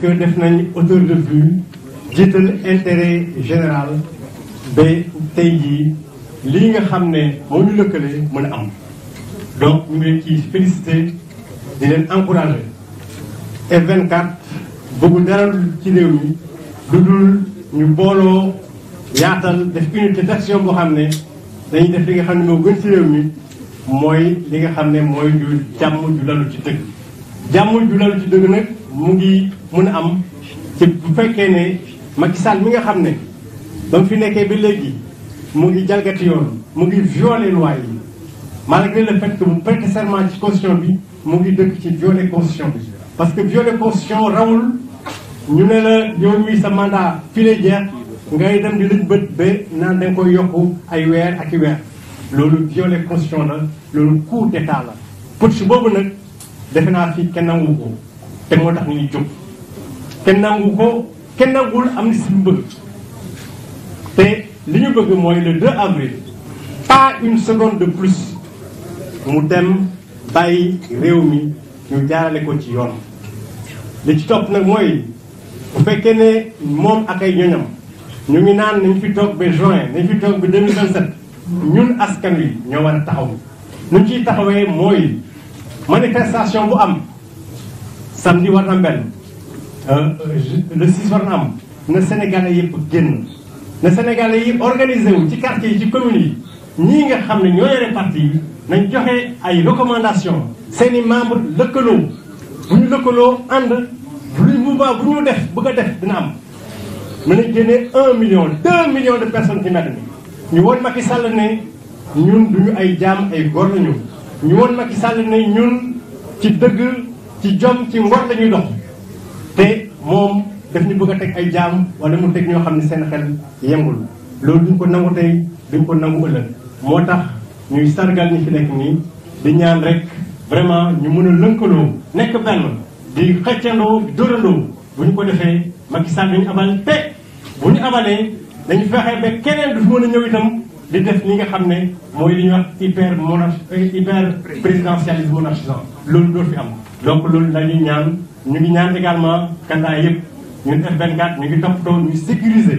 que def nañ hauteur de vue jiital intérêt général ba tey jii lii nga xam ne moo ñu lëkkale mu a am donc ñu ngi leen ciy félicité di leen encouragé F24 bëggul dara ci réew yi lu dul ñu booloo yaatal def unité d'action boo xam ne dañuy def li nga xam ne moo gën ci réew mi mooy li nga xam ne mooy ju jàmm ju lalu ci dëkk jàmm ju lalu ci dëgg nag mu ngi mun a am ci bu fekkee ne Macky Sall mi nga xam ne ba mu fi nekkee ba léegi mu ngi jalgati yoon mu ngi violé loi yi malgré le fait que mu prête ci constitution bi mu ngi dëkk ci violé constitution bi. parce que violé constitution rawul ñu ne la yow mii sa mandat fii lay ngay dem di luñ bët ba naan da nga koy yokku ay weer ak i weer loolu violé constitution la loolu coup d'état la putsch boobu nag. defe naa fi kenn nangu ko te moo tax ñu jóg kenn nangu ko kenn am na si te li ñu bëgg mooy le 2 avril pas une seconde de plus mu dem bàyyi réew mi ñu jaarale ko ci yoon li ci topp nag mooy bu fekkee ne moom ak ay ñoñam ñu ngi naan nañ fi toog ba juin nañ fi toog ba 2027 ñun askan wi ñoo war a taxaw ñu ciy taxawee mooy manifestation bu am samedi war na am benn euh, euh, le 6 war na am na Sénégalais yëpp génn na Sénégalais yi organisé wu ci quartier yi ci commune yi ñii nga xam ne ñoo yore parti yi nañ joxe ay recommandations seeni membre membres lëkkaloo bu ñu lëkkaloo ànd luy mouvement bu ñu def bëgg a def dina am mën a génne un million deux millions de personnes ci mbedd mi ñu woon Macky Sall ne ñun duñu ay jaam ay góor lañu ñu woon Macky Sall ne ñun ci dëgg ci jom ci ngor lañuy dox te moom daf ñu bëgg a teg ay jaam wala mu teg ñoo xam ne seen xel yengul loolu duñ ko nangu tey duñ ko nangu ëllëg moo tax ñuy sargal ñi fi nekk nii di ñaan rek vraiment ñu mën a lënkaloo nekk benn di xëccandoo di dóorandoo bu ñu ko defee Macky Sall dañu abal te bu ñu abalee dañu fexe ba keneen du fi mën a ñëw itam di def li nga xam ne mooy li ñuy wax hyper monarch hyper présidentialisme monarchisant loolu doo fi am donc loolu dañuy ñaan ñu ngi ñaan également candidat yëpp ñun F24 ñu ngi toppatoo ñu sécuriser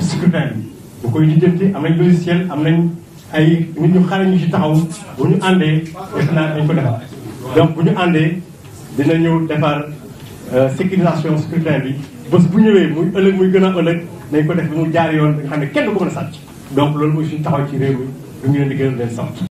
scrutin bi bu koy lijjanti am nañ logiciel am nañ ay nit ñu xale ñu ci taxaw bu ñu àndee defe naa dañ ko defar donc bu ñu àndee dinañu defar euh, sécurisation scrutin bi bés bu ñëwee muy ëllëg muy gën a ëllëg nañ ko def mu jaar yoon nga xam ne kenn du donc loolu mooy suñu taxaw ci réew mi du ngi leen di gërëm leen sant.